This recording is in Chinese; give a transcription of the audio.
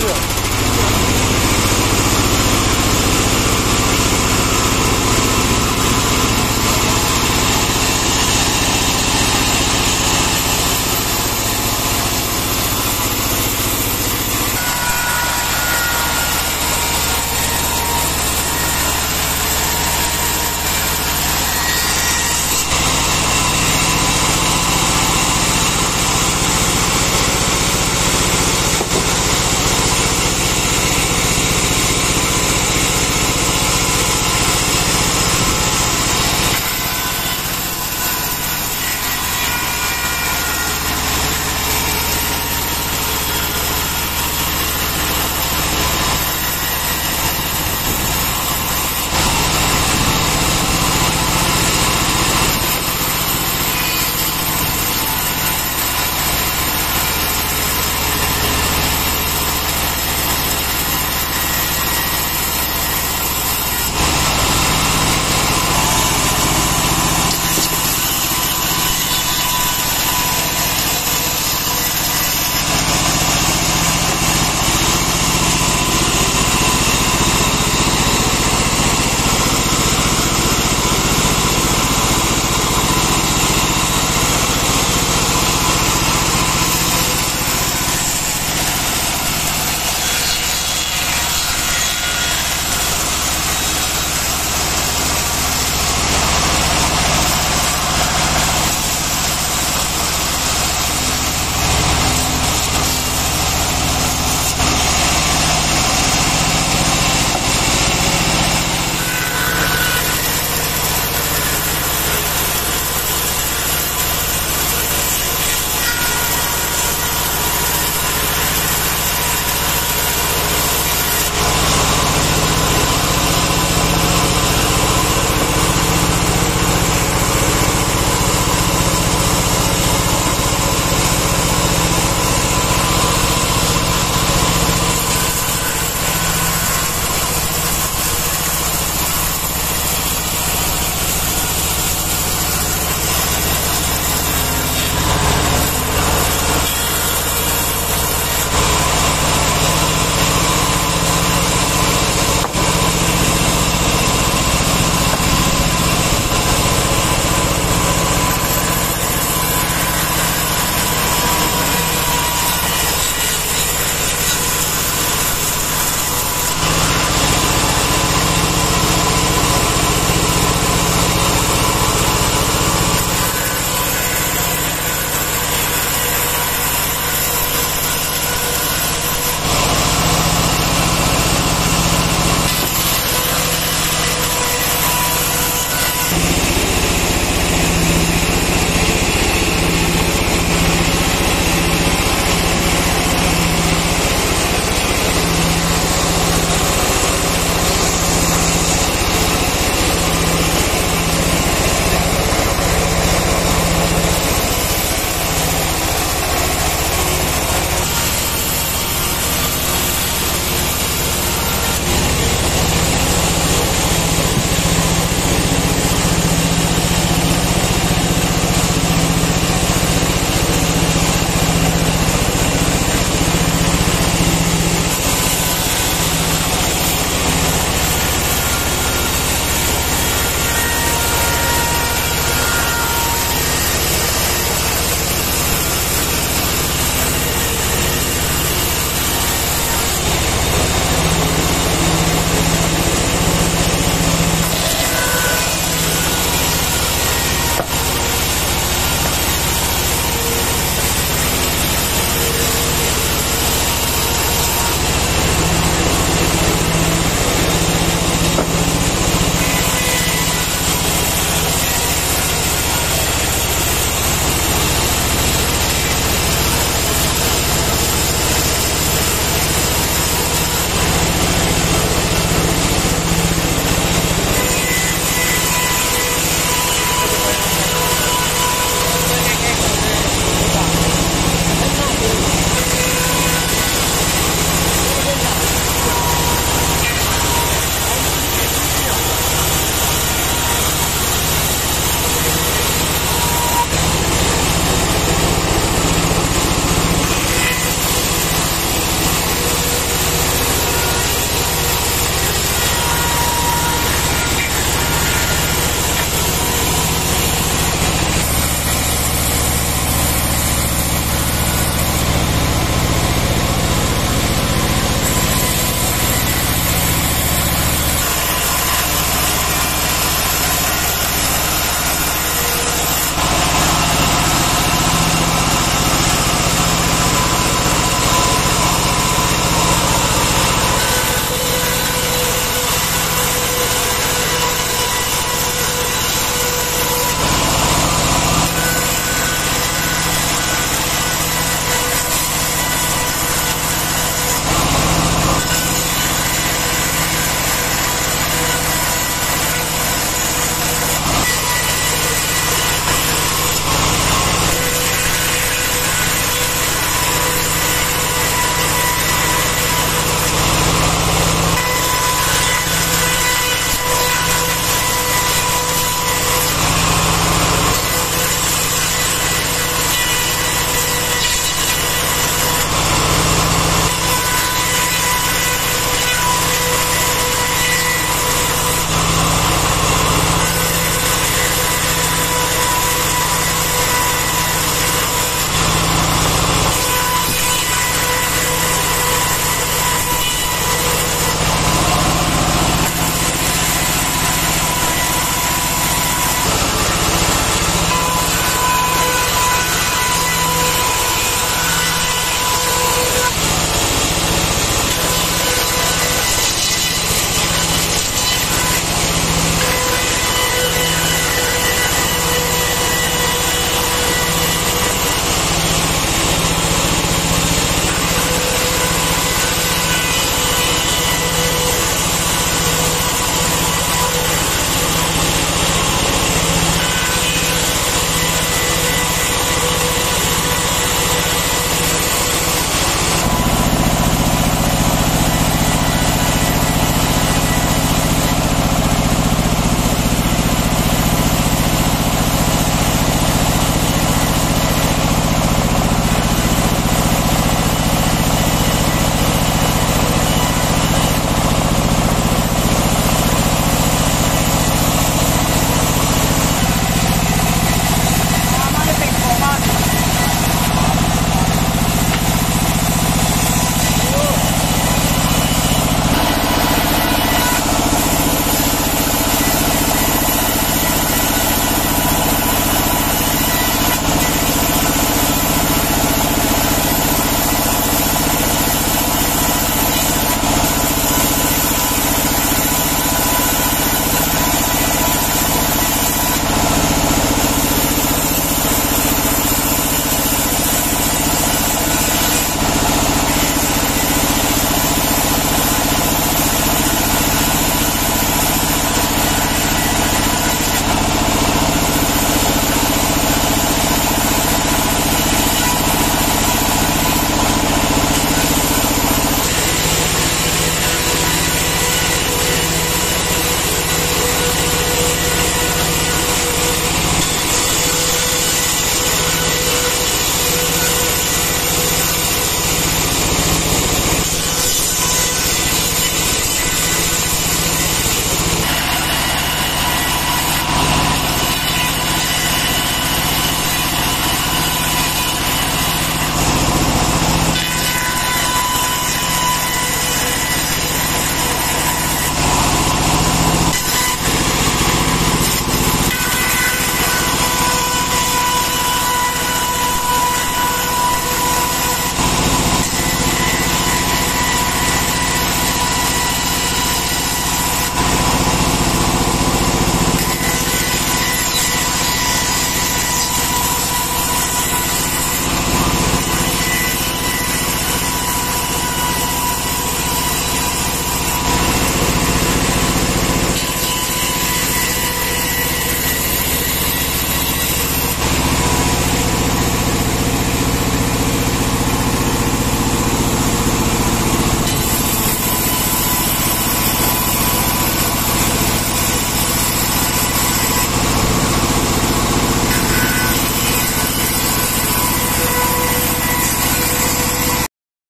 是